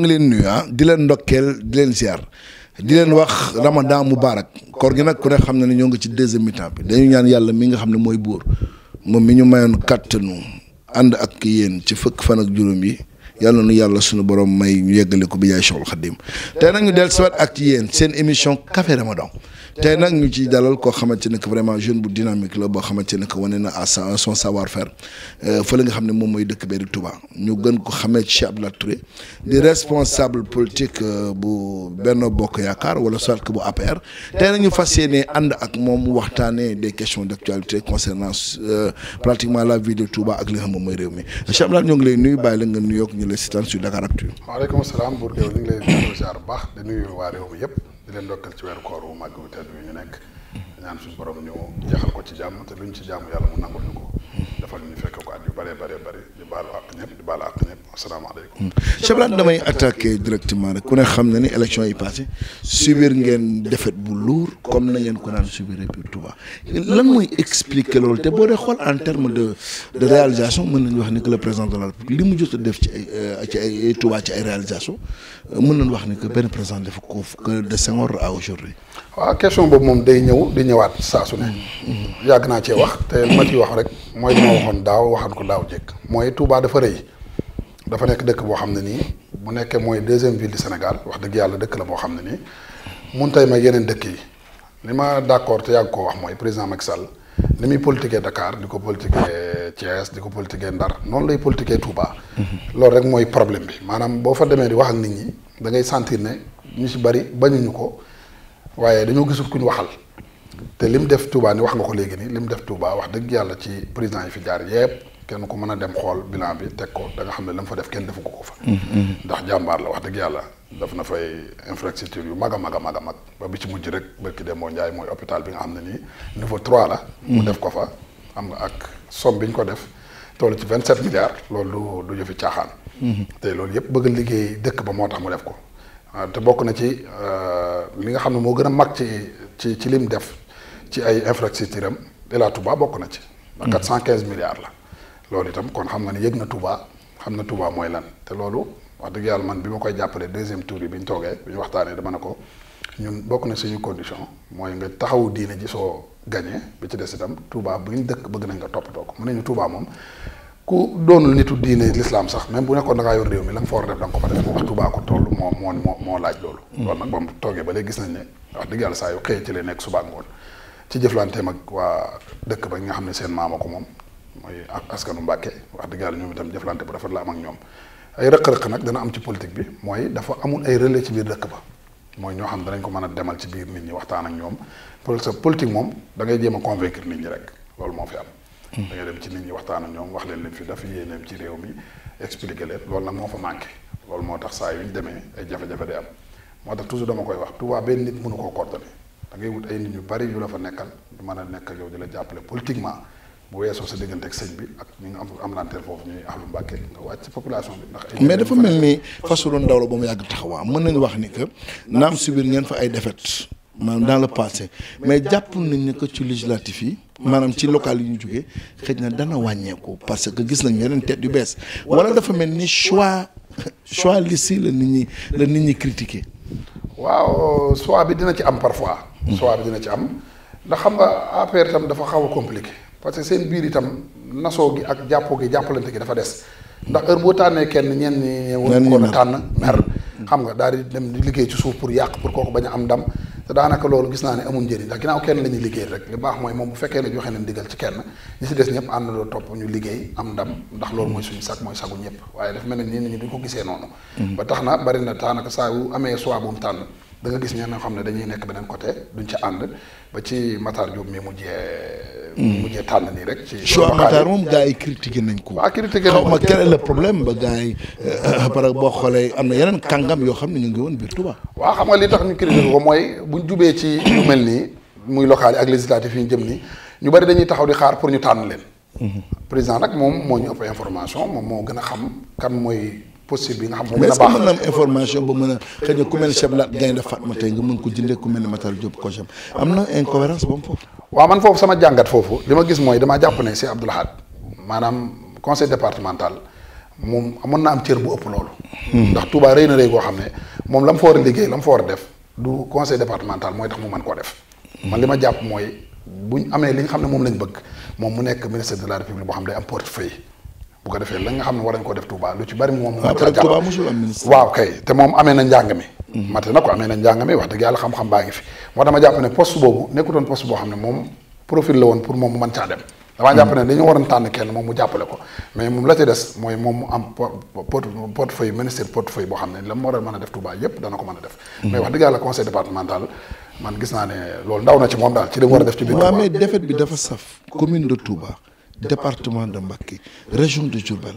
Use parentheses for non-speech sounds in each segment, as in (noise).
ngi leen nuyu ah di leen ndokkeel di leen ziar di leen wax ramadan mubarak koor gi nag ku ne xam ne ne ñoo ngi ci deuxième mi-temps bi dañu ñaan yàlla mi nga xam ne mooy buur moom mi ñu mayoon kàttanu ànd ak yéen ci fukk fan ak juróom yi yàlla nu yàlla sunu borom may ñu yeggale ko bi jaay Cheikhul Khadim tey nag ñu dellusiwaat ak ci yéen seen émission café ramadan tey nag ñu ciy dalal koo xamante ne que vraiment jeune bu dynamique la boo xamante ne que wane na à son savoir faire euh, fële nga xam ne moom mooy dëkk bee di Touba ñu gën ko xamee Cheikh Abdoulaye Touré di responsable politique euh, bu Benno Bokk Yaakaar wala soit que bu APR tey nag ñu fas yéene ànd ak moom waxtaanee des questions d'actualité concernant euh, pratiquement la vie de Touba ak li nga xam moom mooy réew mi Cheikh Abdoulaye ñoo ngi lay nuyu bàyyi la nga nuyoo ak ñu lay seetaan sur Dakaractu. waaleykum salaam Bour Gueye ñu ngi waa réew yëpp. di leen dokkal ci weeru koor wu màgg wu tedd wi ñu nekk ñaan suñu borom ñu jeexal ko ci jàmm te luñ ci jàmm yàlla mu nangul ñu ko defal ñu fekk ko at yu bëree bëree bëri di baalu àq ñëpp di baalu àq ñëpp asalaamaaleykum. Hmm. Cheikh Abdou directement ku ne xam na ni élection yi passé subir ngeen défaite bu lourd comme na ngeen ko daan subir biir Touba lan mooy expliquer loolu te boo xool en terme de de réalisation mën nañu wax ni que le président de la République li mu jot def ci ay euh, ci ay ci ay réalisation mën nañu wax ni que benn président def ko de Senghor à aujourd'hui waaw question boobu moom day ñëw di ñëwaat saa su ne. Mm, mm. yàgg naa cee wax te li ma ciy wax rek mooy li ma waxoon daaw waxaat ko daaw jekk mooy Touba dafa rëy dafa nekk dëkk boo xam ne nii bu nekkee mooy deuxième ville Sénégal wax dëgg yàlla dëkk la boo xam ne nii mun tey may yeneen dëkk yi li ma d'accord te yàgg koo wax mooy président Macky Sall ni muy politiquer dakaar di ko politiquer Thiès di ko politiquer Ndar noonu lay politiquer Touba. Mm-hmm. loolu rek mooy problème bi maanaam boo fa demee di wax ak nit ñi dangay sentiir ne ñu si bari bañuñu ko. waaye dañoo gisul kuñ waxal te lim def Touba ni wax nga ko léegi nii lim def Touba wax dëgg yàlla ci président yi fi jaar yépp kenn ku mën a dem xool bilan bi teg ko da nga xam ne la mu fa def kenn defu ko ko fa. jàmbaar la wax dëgg yàlla daf na fay infrastructure yu mag a mag a mag a ci mujj rek barki dem moo Ndiaye mooy hôpital bi nga xam ne nii niveau 3 la. mu def ko fa am nga ak somme bi ñu ko def toll ci vingt 27 milliards loolu du du yëfi caaxaan. Mhm. te loolu yëpp bëgg liggéey dëkk ba moo tax mu def ko te bokk na ci. Euh, li nga xam ne moo gën a mag ci ci ci lim def ci ay infrastructure am Ila Touba bokk na ci. ba mm-hmm. quatre cent quinze milliards la. loolu itam kon xam nga ne yëg na tubaa xam na tubaa mooy lan te loolu wax dëgg yàlla man bi ma koy jàppale deuxième tour yi bi ñu toogee bi ñu waxtaanee dama ne ko ñun bokk na suñu condition mooy nga taxawu diine ji soo gañee bi ci des itam Touba bu ñu dëkk bëgg nañ nga toppatoo ko mu ne ñu Touba moom. ku doonul nitu diine l'islam sax mais bu nekkoon da ngaa réew mi la nga fa war a def da nga ko fa moo moo moo moo laaj loolu mm. loolu nag ba mu ne wax dëgg yàlla saa yu xëy ci lay nekk suba ngoon ci jëflanteem ak waa dëkk ba nga ko moom mooy askanu Mbàkke wax dëgg yàlla ñoom itam jëflante bu rafet la am ñoom ay rëq-rëq nag dana am ci politique bi mooy dafa amul ay relais ci biir dëkk ba mooy ñoo xam danañ ko mën a demal ci biir nit ñi waxtaan ak ñoom parce que politique moom da ngay jéem a convaincre nit ñi rek loolu moo fi am Mm. da nga dem ci nit ñi waxtaan ak ñoom wax leen lim fi daf yéeneem ci réew mi expliquer leen loolu nag moo fa manqué loolu moo tax saa yu ñu demee ay jafe-jafe day am moo tax toujours dama koy wax Touba benn nit mënu koo coordonné da ngay ay nit ñu bari la fa nekkal ñu a nekk yow di la jàppale politiquement bu weesoo sa diggante ak sëñ bi ak ñi nga am am lanteel foofu ñuy ahlu Mbàkke nga wàcc ci population bi ndax. mais dafa mel ni fasu doon daw la ba mu yàgg taxawaa mën wax ni que naam subir ngeen fa ay défaites. maanaam dans le passé mais jàpp nañ ne que ci législatif yi maanaam ci local yi ñu jógee xëj na dana wàññeeku parce que gis nañ yeneen tête yu bees wala dafa mel ni choix choix liste nit ñi la nit ñi critiquer waaw soit bi dina ci am parfois choix bi dina ci am ndax xam nga APR itam dafa xaw a compliqué parce que seen biir itam nasoo gi ak jàppoo gi jàppalante gi dafa des ndax heure boo tànnee kenn ñenn ñi. ñenn ñi war a tànn mer. xam nga daal di dem di liggéey ci suuf pour yàq pour kooku bañ am ndam. te daanaka loolu gis naa ne amul njëriñ ndax ginnaaw kenn la ñuy liggéey rek li baax mooy moom bu fekkee ne joxe na ndigal ci kenn ñi si des ñëpp ànd loo topp ñu liggéey am ndam ndax loolu mooy suñu sag mooy sagu ñëpp waaye daf mel ne nii nit ñi duñ ko gisee noonu mm. ba tax na bari na daanaka saa yu amee soit bu mu tànn da nga gis ñeen ñoo xam ne dañuy nekk beneen côté duñ ca ànd ba ci Matar Diop mi mujjee Mm. mujjee tànn nii rek. ci choix moom gars yi critiqué nañ ko. waaw ah, critiqué nañ ko xaw ma quel est le problème ba gars yi euh, par boo xoolee am na yeneen kàngam yoo xam ne ñu ngi woon biir Touba. waa xam nga li tax ñu critiqué ko mooy buñ jubee ci mel nii muy local yi ak législatif yi ñu jëm nii ñu bari dañuy taxaw di xaar pour ñu tànn leen. Mm-hmm. président nag moom moo ñu ëpp information moom moo gën a xam kan mooy. possible bi nga xam moo gën a baax mën na am information ba mën a xëy na ku mel Cheikh Lat Gaynde Fatma tey nga mën ko jëndee ku mel ne Matar Diop ko am na incohérence mu foofu waaw man foofu sama jàngat foofu li ma gis mooy damaa jàpp ne Cheikh Abdou Lahad maanaam conseil départemental moom mën na am cër bu ëpp loolu hmm. ndax Touba rëy na rëy goo xam ne moom la mu fa a liggéey la mu fa war a def du conseil départemental mooy tax mu mën koo def man li ma jàpp mooy ñu amee li nga xam ne moom lañ bëgg moom mu nekk ministre boo xam day am bu defee la nga xam ne war nañ ko def Touba lu ci bari moom. waaw ah, parce que Touba waaw kay te moom amee na njàng mi. Hmm. mate na ko amee na njàng mi wax dëgg yàlla xam-xam baa ngi fi moo tax ma jàpp ne poste boobu nekkutoon poste boo xam ne moom profil la woon pour moom mu mën caa dem. damaa jàpp ne dañoo waroon tànn kenn moom mu jàppale ko mais moom la ci des moom mu am ne la mu war a mën a def a def. Hmm. moom a def. bi dafa saf commune de département de Mbacké région de Diourbel.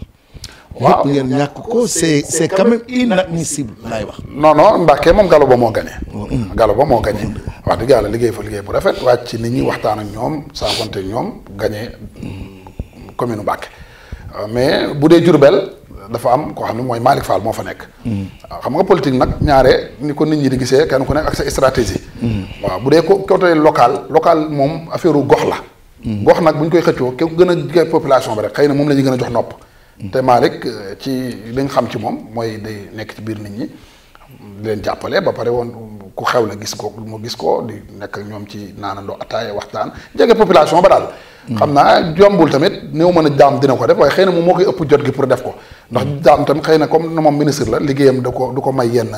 waaw ngeen ko c'est c'est quand même inadmissible wax. non non Mbacké mon Gallo Ba moo gagné. Oh, hmm. Gallo Ba moo gagné. Oh, hmm. wax dëgg la liggéey fa liggéey bu rafet wàcc ci nit ñi waxtaan ak ñoom saafante ñom gagné commune Mbacké euh, mais boudé Djourbel dafa am ko xam moy Malik Fall mo fa nek. Hmm. Euh, xam nga politique nak ñaare ni ko nit ñi di gisé kan ko nek ak sa stratégie. waaw boudé ko côté local local mom affaireu gox la. gox nag bu ñu koy xëccoo ki gën a gee population bi rek xëy na moom la ñu gën a jox nopp. te Malick euh, ci li xam ci moom mooy day nekk ci biir nit ñi leen jàppale ba pare woon ku xew la gis ko mu gis ko di nekk ñoom ci naana naanandoo ataaya waxtaan jege population ba daal. xam naa jombul tamit néew mën a daam dina ko def waaye xëy na moom moo koy ëpp jot gi pour def ko ndax daam tamit xëy na comme na moom ministre la liggéeyam da ko du ko may yenn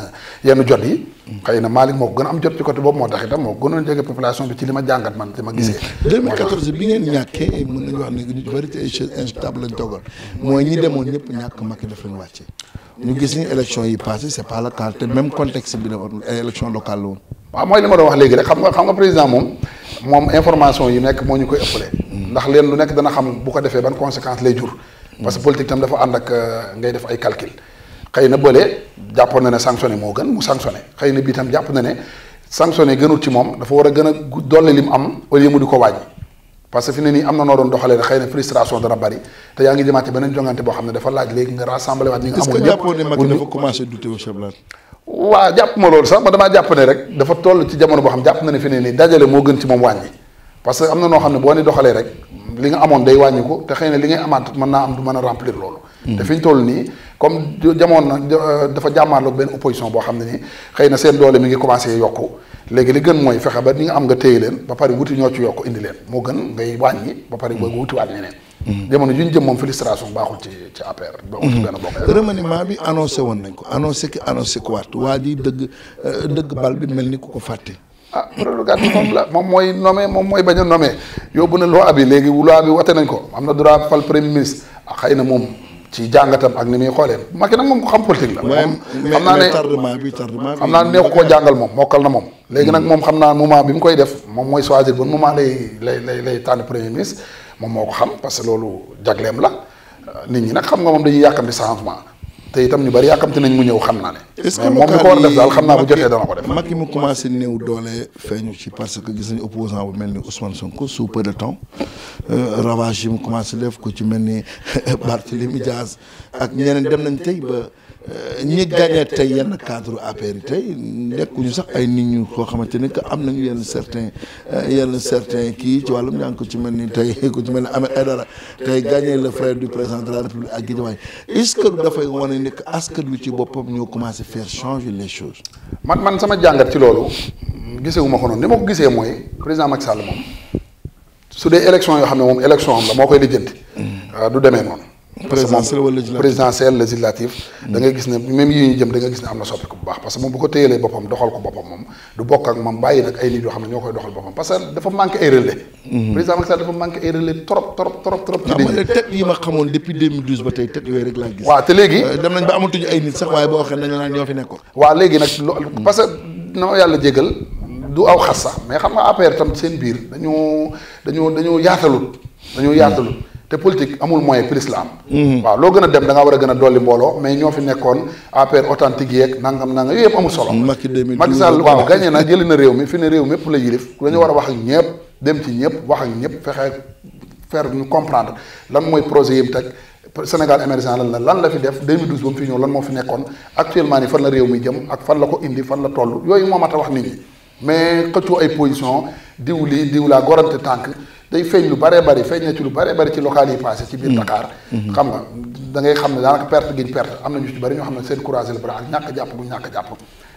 yenn jot yi xëy na Malick moo ko gën a am jot ci côté boobu moo tax itam moo ko gënoon jege bi ci li ma jàngat man li ma gisee 2014 hmm. bi ngeen ñàkkee mën nañu wax ne ñu bëri ci ay chaise instable lañ toogal mooy ñi demoon ñëpp ñàkk Macky daf leen wàcce ñu gis ni élection yi passé c'est pas le cas bi la woon élection locale waaw mooy li ma doon wax léegi rek xam nga xam nga président mom mom information yi nek moñu koy ëppale. Hmm. ndax leen lu nek dana xam bu ko defee ban conséquence lay jur. Hmm. parce que politique tam dafa and ak euh, ngay def ay calcul. xëy na bële na né sanctionné mo gën mu sanctionné xëy bi tam japp na né sanctionné gënut ci mom dafa wara gëna dolé lim am au lieu mu di ko parce que fi ne nii am na noo doon doxalee xëy frustration dana bari te yaa ngi jëmaate beneen jongante boo dafa laaj légui nga rassembler wat ñi nga. amul ñëpp japp ce que jàppoon ne dafa commencé douter au waa jàpp ma loolu sax ma damaa jàpp rek dafa toll ci jamono boo xam jàpp na ne fi ne nii dajale moo gën ci moom wàññi parce que am na noo xam ne boo ni doxalee rek li nga amoon day wàññi ko te xëy na li ngay amaat mën naa am du mën a remplir loolu. Hmm. te fi nii comme jamono nag euh, dafa jàmmaarloog benn opposition boo xam ne nii xëy na seen mi ngi commencé yokku léegi li gën mooy fexe ba ni nga am nga téye leen ba pare wuti ñoo ci yokk indi leen moo gën ngay wàññi ba pare booy hmm. wutiwaat ñeneen jamono ju ñu jëm moom frustration baaxul ci ci APR. baaxul ci benn bopp remaniement bi annoncé woon nañ ko annoncé ki annoncé ko waa ji dëgg euh, dëgg bal bi mel ni ku ko fàtte. ah prérogative moom la moom mooy nommé moom mooy bañ a nommé yóbbu na loi bi léegi loi bi wate am na droit fal premier ministre ah na moom ci jàngatam ak ni muy xoolee Macky nag moom ko xam politique la. moom xam naa ne xam naa ne koo jàngal moom mokkal na moom. léegi nag mm. moom xam naa moment bi mu koy def moom mooy choisir bon moment lay lay lay lay premier ministre. moom moo ko xam parce que loolu jagleem la euh, nit ñi nag xam nga moom dañuy yàkkamti changement te itam ñu bari yàkkamti nañ mu ñëw xam naa ne. est-ce que moom mi ko war def daal xam naa bu jotee dana ko def. Macky mu commencé néew doole feeñu ci parce que gis nañu opposant bu mel ni Ousmane Sonko sous peu de temps euh, ravage yi mu commencé def ko ci mel ni (laughs) Barthélémy Dias ak ñeneen dem nañ tey ba. Euh, ñi gagné tey yenn cadre APR yi tey nekkuñu sax ay nit ñu koo xamante ni que am nañu yenn certain euh, yenn certain kii ci wàllum ñaan ko ci mel ni tey ko ci mel ni Ahmed Aidara tey gagné le frère du président de la République ak Guédiawaye est-ce que dafay wane nekk que askan ci boppam ñoo commencé faire changer les choses. man man sama jàngat ci loolu gisee wu ma ko noonu ni ma ko gisee mooy président Macky Sall moom su dee élection yoo xam ne moom élection am moo koy lijjanti. Mm. Euh, du demee noonu. présidentielle législative da ngay gis ne même yi ñu jëm da nga gis ne am na soppi ko bu baax parce que moom bu ko téyelee boppam doxal ko boppam moom du bokk ak moom bàyyi nag ay nit yoo xam ne ñoo koy doxal boppam parce que dafa manqué ay relais mhm. président Macky Sall dafa manqué ay relais trop trop trop trop ci dé tête yi ma xamoon depuis 2012 ba tey tête yooyu rek gis waaw te léegi euh, dem nañ ba amatuñu ay nit sax waaye boo na yàlla jégal du aw xas sax mais xam nga APR tam seen biir te politique amul moyen plus la am. waaw loo gën a dem da war a gën a dolli mbooloo mais ñoo fi nekkoon APR authentique yeeg nangam nangam yooyu yëpp amul solo. Macky 2012 Macky Sall na jëli na réew mi fi ne réew mi yëpp la yilif dañu war a wax ak ñëpp dem ci ñëpp wax ak ñëpp fexe faire ñu comprendre lan mooy projet yi mu teg Sénégal émergent lan la lan la fi def 2012 ba mu fi ñëw lan moo fi nekkoon actuellement ni fan la réew mi jëm ak fan la ko indi fan la toll yooyu moo mat wax nit ñi mais xëccoo ay diw lii diw laa gorante tànk. day feeñ lu bëree bari feeñ na ci lu bëree bari ci local yi passé ci biir mm. Dakar mm-hmm. xam nga da ngay xam ne daanaka perte gi ñu perte am na ñu ci ñoo xam ne seen courage le bras ak ñàkk jàpp bu ñàkk jàpp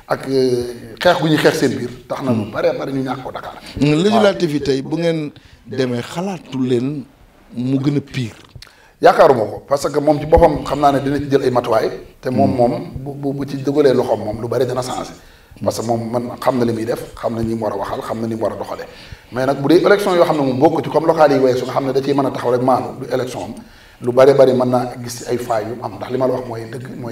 ak euh, xeex gu ñuy xeex seen biir tax na lu mm. bëree bari ñu ñàkk ko Dakar mm, législative yi tey bu ngeen demee xalaatu leen mu gën a pire yaakaaruma ko parce que moom ci boppam xam naa ne dina ci jël ay matuwaay te moom moom bu bu ci dëgalee loxoom moom lu bëri dana changé parce que moom man xam na li muy def xam na ñi mu war a waxal xam na ni mu war a doxale mais nag bu dee élection yoo xam ne moom bokk ci comme locales yi weesu nga xam ne da ciy mën a taxaw rek maanu am lu bari bari mën naa gis ay faay am ndax li ma la wax mm-hmm. moom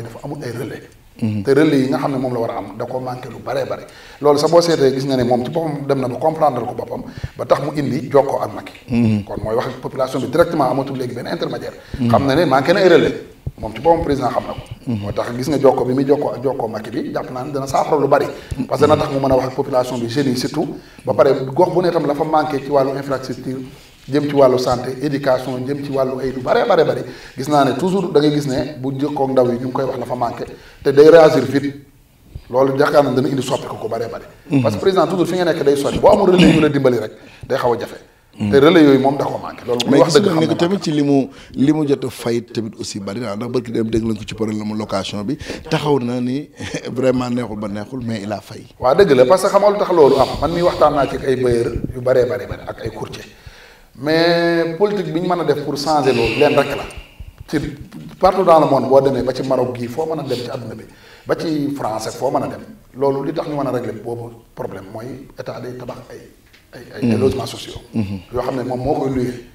la war a am da ko manqué lu baree bari loolu sa boo seetee gis nga ne moom ci boppam dem na ba comprendre ko boppam ba tax mu indi jokkoo ak Macky mm-hmm. kon mooy wax population bi directement amatul léegi benn intermédiaire mm-hmm. xam na ne manqué na ay relais moom ci boppam président xam na ko. moo tax gis nga jokko bi muy jokkoo ak jokkoo Macky bi jàpp naa ne dana saafara lu bari. parce que dana tax mu mën a wax ak population bi jeunes yi surtout. ba pare gox bu ne tam la fa manqué ci wàllu infrastructure jëm ci wàllu santé éducation jëm ci wàllu ay lu bare bare bari gis naa ne toujours dangay gis ne bu jëkkoog ndaw yi ñu ngi koy wax la fa manqué te day réagir vite. loolu jaakaar na dana indi sopp ko ko bëree bëri. parce que nekk day sori boo amul relais ñu rek day xaw jafe. Mm. te relais yooyu moom da ko manqué. loolu wax dëgg xam mais tamit ci li mu li mu jot a fay tamit aussi bari naa ndax barki dem dégg nañ ko ci problème location bi taxaw na ni (laughs) vraiment neexul ba neexul mais il fay. waaw dëgg la que xam nga am man mi waxtaan naa ci ay bailleur yu baree bari bari ak ay courtier mais politique bi ñu mën a def pour changer loolu leen rek la ci partout dans le monde boo demee ba ci Maroc gii foo mën a dem ci àdduna bi ba ci France foo mën a dem loolu li tax ñu mën a régler boobu problème mooy état day tabax ay. ay ay logements sociaux. yoo xam ne moom moo koy luyee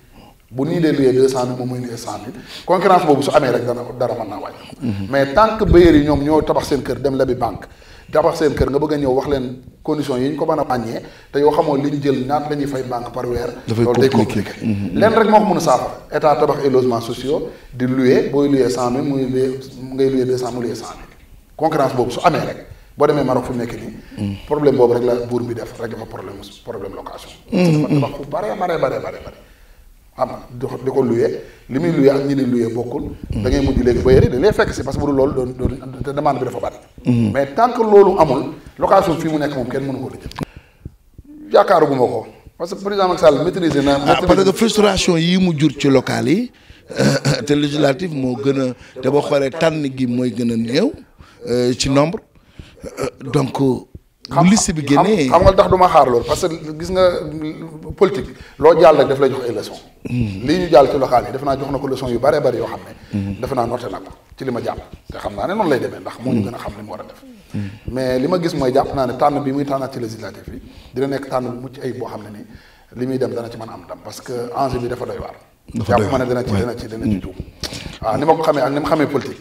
bu nii dee luyee deux cent moom mooy luyee cent mille concurrence amee rek dana dara mën naa wàññi. mais ñoom ñoo tabax seen kër dem lebi banque tabax seen kër nga bëgg a ñëw wax leen conditions yi ko mën a wàññee te xamoo li ñu jël naat la ñuy fay banque par weer. loolu day compliqué mhm. mhm. leen rek moo ko mën a saafara état tabax ay logements sociaux di luyee booy luyee cent mille muy luyee ngay luyee deux cent mu luyee cent mille concurrence boobu su amee rek boo demee Maroc fu mu nekk nii. problème boobu rek la buur bi def rek ma problème problème location. Mm. tabax fu bare bare bare bare bare xam nga di ko di ko luyee li muy luyee ak ñi di luyee bokkul. da ngay mujj léegi ba yëre dañ lay fekk si parce que bu dul loolu doon doon te demande bi dafa bari. Mm. mais tant que loolu amul location fii mu nekk moom kenn mënu ko lëj. yaakaaruma ko parce que président Macky Sall maîtriser na. Ah, parce que frustration yi mu jur ci local yi euh, (laughs) te législative moo gën a te boo xoolee tànn gi mooy gën a néew euh, ci nombre. donc bu liste bi génnee xam nga tax du ma xaar loolu parce que gis nga politique loo jàll rek daf lay jox ay leçon lii ñu jàll ci local yi def naa jox na ko leçon yu bare bari yoo xam ne def naa noté na ko ci li ma jàpp te xam naa ne noonu lay demee ndax moo ñu gën a xam li mu war a def mais li ma gis mooy jàpp naa ne tànn bi muy tànnaat ci législatif yi dina nekk tànn bu mucc ayib boo xam ne ni li muy dem dana ci mën am ndam parce que enjeu bi dafa doy waar jàpp ma ne dana ci dana ci dana ci juum waaw ni ma ko xamee ak ni ma xamee politique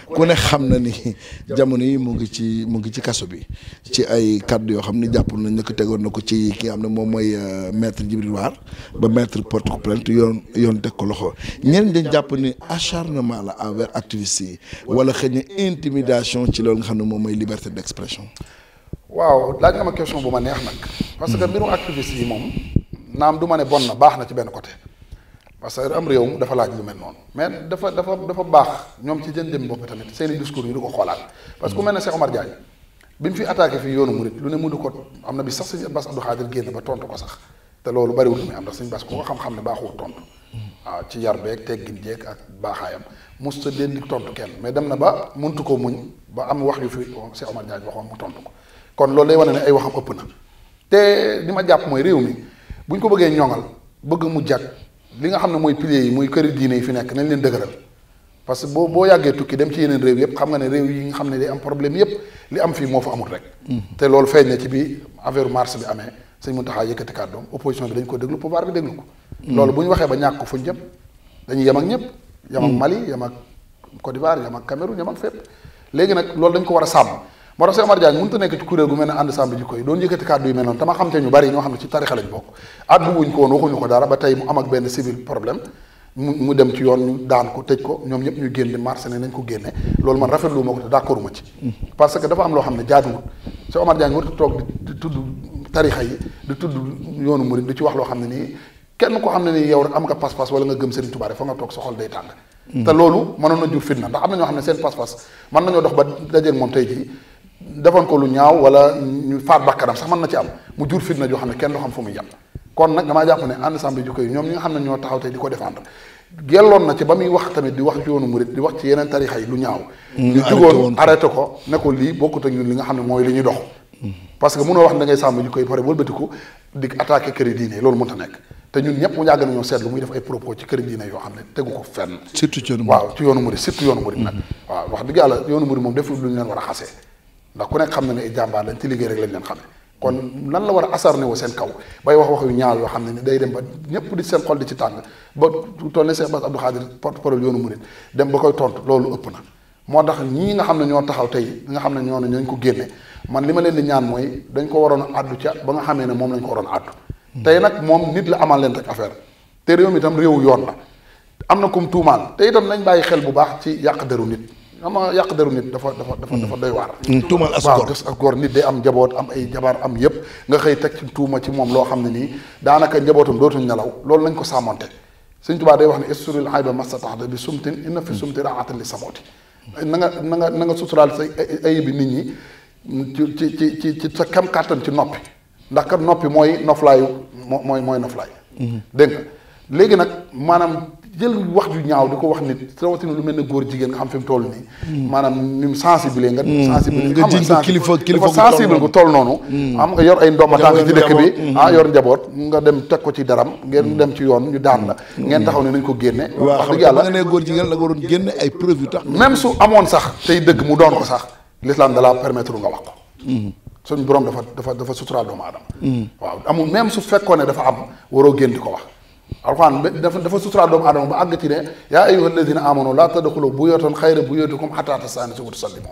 ku ne xam na ni jamono yi mu ngi ci mu ngi ci kaso bi ci ay kàddu yoo xam ne jàpp nañ ne ko tegoon na ko ci ki nga xam ne moom mooy euh, maître Djibril War ba maître porte ko plainte yoon yoon teg ko loxo ñenn dañ jàpp ni acharnement la envers activistes yi wala xëy na intimidation ci loolu nga xam ne moom mooy liberté d'expression. waaw laaj nga ma question bu ma neex nag. parce que mbirum activiste yi moom naam du ma ne bon na baax na ci benn côté. parce que am réew dafa laaj lu mel noonu mais dafa dafa dafa baax ñoom ci jën jëm bopp tamit seen i ñu di ko xoolaat parce que ku mel ne Cheikh Omar Diagne bi mu fi attaqué fii yoonu murit lu ne mu ko am na bi sax sëñ Bass loolu bariwul lu muy am ndax sëñ Bass ku ko xam-xam ne baaxul tontu waaw ci yar beeg teggin jeeg ak baaxaayam mos ta dén tontu kenn mais dem na ba muntu ko muñ ba am wax yu fi Cheikh Omar Diagne waxoon mu tontu ko kon loolu lay wane ne ay waxam ëpp na te li ma jàpp mooy réew mi bu ñu ko bëggee ñoŋal bëgg mu jag li nga xam ne mooy piliers yi muy këri diine yi fi nekk nañ leen dëgëral parce que boo boo yàggee tukki dem ci yeneen réew yëpp xam nga ne réew yi nga xam ne day am problème yëpp li am fii moo fa amul rek. Hmm. te loolu feeñ na ci bi affaire mars bi amee sëñ Mountakha yëkkati kàddoom opposition bi dañ ko déglu pouvoir bi déglu ko. Hmm. loolu bu ñu waxee ba ñàkk ko fuñ jëm dañuy yem ak ñëpp. yem ak hmm. Mali yem ak Côte d'Ivoire yem ak Cameroun yem ak fépp léegi nag loolu dañ ko war a sàmm moo a nekk ci kuréel gu mel ne ànd sàmm jikko yi doon yoon ñu daan ko tëj ko ñoom ñëpp ñu génn marché ko génne loolu man rafetlu ma ko te d'accord ci parce que dafa am loo xam ne jaaduwul Cheikh Omar Diagne warut a toog di tudd tarixa yi di tudd yoonu murid di ci wax loo xam ne nii kenn ko xam ne nii yow rek am nga pas-pas wala nga gëm Serigne Touba fa nga toog sa xol day tàng hmm. te loolu mënoon na jur fitna ndax am na ñoo xam ne seen pas-pas mën nañoo dox ba dajeeg moom tey jii defoon ko lu ñaaw wala ñu faat bakkanam sax mën na ci am mu jur fitna joo xam ne kenn du xam fu muy yem kon nag damaa jàpp ne ànd sàmm jikko yi ñoom ñi nga xam ne ñoo taxaw tey di ko défendre gelloon na ci ba muy wax tamit di wax ci yoonu murit di wax ci yeneen tarixa yi lu ñaaw ñu jugoon arrêté ko ne ko lii bokkut ak ñun li nga xam ne mooy li ñuy dox parce que mënoo wax da ngay sàmm jikko yi pare wëlbatiku di attaqué këri diine loolu mënta nekk te ñun ñëpp mu yàgg nañoo seetlu muy def ay propos ci këri diine yoo xam ne tegu ko fenn surtout ci yoonu waaw ci yoonu murit surtout yoonu murit nag waaw wax dëgg yàlla yoonu murit moom def lu ñu leen war a xasee ndax ku nekk xam na ne ay jàmbaar lañ ci liggéey rek lañ leen xamee kon lan la war a asar ne woo seen kaw bay wax wax yu ñaaw yoo xam ne ni day dem ba ñëpp di seen xol di ci tàng ba toll ne Cheikh Bass Abdou Khadir porte-parole yoonu murid dem ba koy tontu loolu ëpp na moo tax ñii nga xam ne ñoo taxaw tey nga xam ne ñoo ne ñooñ ko génne man li ma leen di ñaan mooy dañ ko waroon a àddu ca ba nga xamee ne moom lañ ko waroon a àddu tey nag moom nit la amal leen rek affaire te réew mi itam réew yoon la am na kum tuumaal te itam nañ bàyyi xel bu baax ci yàq deru nit xam nga yàq deru nit dafa dafa dafa dafa doy waar. Mm. Mm. tuumal as nit day am njaboot am ay jabar am yëpp nga xëy teg ci tuuma ci moom loo xam ne nii daanaka njabootam dootuñ nelaw loolu lañ ko sàmmonte Sëñ Tuubaa day wax ne isturil ayba mastataxta bi sumtin inna fi sumti raatan li samooti na nga na nga na nga suturaal sa ayib bi nit ñi ci ci ci ci sa kam kàttan ci noppi ndax kat noppi mooy noflaayu mooy mooy noflaay mm-hmm. dégg nga léegi nag maanaam jël wax ju ñaaw di ko wax nit rawatina lu mel ne góor jigéen nga xam fi mu toll nii. maanaam ni mu sensibiliser nga. Mm. sensibiliser nga xam nga kilifa kilifa sensibiliser nga toll noonu. Mm. am nga yor ay ndomba tànk ci dëkk bi. Mm. ah yor njaboot nga dem teg ko ci daram ngeen dem ci yoon ñu daan la. ngeen taxaw ne nañ ko génne. wax dëgg yàlla waaw xam nga ne góor jigéen la nga waroon génne ay preuve yu tax. même su amoon sax tey dëgg mu doon ko sax l'islam da la permettre nga wax ko. suñu borom dafa dafa dafa suturaal doomu aadama. waaw amul même su fekkoon ne dafa am waroo génn di ko wax القرآن دف دف سطر دوم عدم بأعتقد يا أيها الذين آمنوا لا تدخلوا بيوت خير بيوتكم حتى تسألني سورة سليمة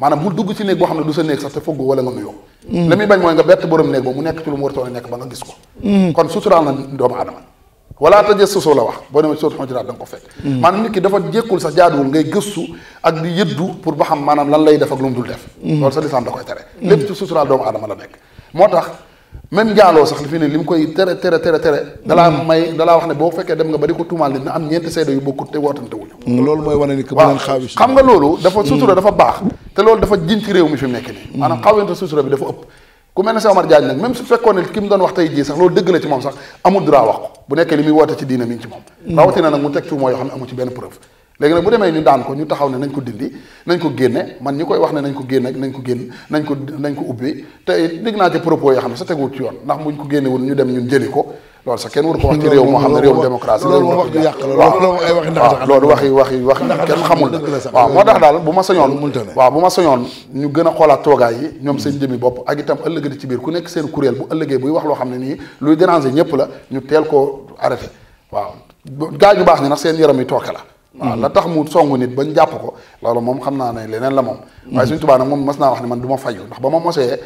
ما أنا بقول دقيت نيجو هم ندوس نيجس تفوق ولا نمي يوم لما يبان معي عند بيت نيجو من يكتب المورط أو يكتب عند جسكو كان سطر عن دوم عدم ولا تجلس سولا واه بني من سطر حجر عدم كفت ما أنا نيجي دف جي كل سجاد ولا نيجي جسو يدو بربهم ما أنا لا لا يدفع قلوم دول دف ورسالة سامدكو ترى لبت سطر دوم عدم على بيك ما même njaaloo sax li fi ne li mu koy tere tere tere tere. dalaa mm. may dalaa wax ne boo fekkee dem nga ba di ko tuumaal nit na am ñeenti seede yu bokkut te wootante wuñu. Mm, loolu mooy wane ni que bu nga loolu. dafa mm. sutura dafa baax. te loolu dafa jiñ ci réew mi fi mu nekk nii. maanaam xaawente sutura bi dafa ëpp. ku mel ne Cheikh Omar Diagne nag même su fekkoon ne ki mu doon wax jii sax loolu dëgg la ci moom sax amul droit wax ko bu nekkee li muy woote ci diina mi ci moom. rawatina nag mu teg tuuma yoo xam ne amu ci benn preuve léegi nag bu demee ñu daan ko ñu taxaw ne nañ ko dindi nañ ko génne man ñi koy wax ne nañ ko génne nañ ko génn nañ ko nañ ko ubbi te dégg naa ci yoo xam ne sa teguwut ci yoon ndax buñ ko génne woon ñu dem ñun jëli ko loolu sax kenn war ko wax ci réew moo xam ne réewum démocratie loolu wax ju yàq la waaw loolu wax yi wax yi wax yi kenn xamul waaw moo tax daal bu ma sañoon waaw bu ma sañoon ñu gën a xoolaat toogaay yi ñoom seen jëmi bopp ak itam ëllëg ci biir ku nekk seen kuréel bu ëllëgee buy wax loo xam ne nii luy déranger ñëpp la ñu teel koo arrêté waaw gaa ñu baax ñi nag seen yaram yi tooke la waaw la tax mu songu nit ba ñu jàpp ko loolu moom xam naa ne leneen la moom waaye suñ tubaa nag moom mas naa wax ne man du ma fayu ba ma mosee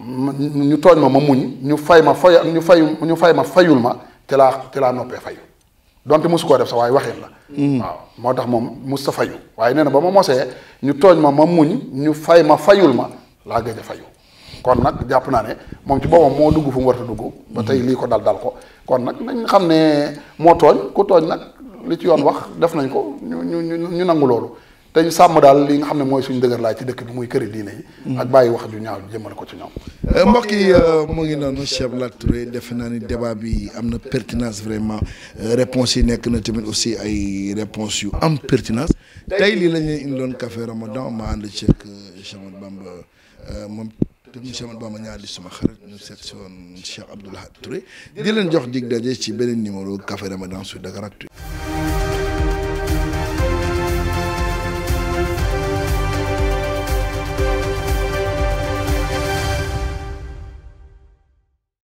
ñu tooñ ma ma muñ ñu fay ma fay ñu fay ñu fay ma fayul ma te laa te laa noppee mosu koo def sax waaye waxin la hmm. moo tax moom mos sa fayu nee na ba ma mosee ñu tooñ ma ma muñ ñu fay ma fayul ma laa gëj fayu kon nag jàpp naa ne moom ci boppam moo dugg fu mu war a tey lii ko dal dal ko kon nag nañ xam ne moo tooñ ku tooñ nag li ci yoon wax def nañ ko ñu ñu ñu nangu loolu te ñu sàmm daal li nga xam ne mooy suñu dëgër laay ci dëkk bi muy këri diine yi. Mm. ak bàyyi wax ju ñaaw jëmale ko ci ñoom. Euh, mbokk yi euh, mu ngi noonu Cheikh Lat Touré defe naa ni débat bi am na pertinance vraiment euh, réponse yi nekk na tamit aussi ay réponse yu am pertinance tey lii la ñuy indiloon café Ramadan ma ànd ceeg Cheikh Ahmadou Bamba moom tamit Cheikh Ahmadou Bamba ñaar di suma xarit ñu seet si woon Cheikh Abdou di leen jox dig daje ci beneen numéro café Ramadan su Dakaractu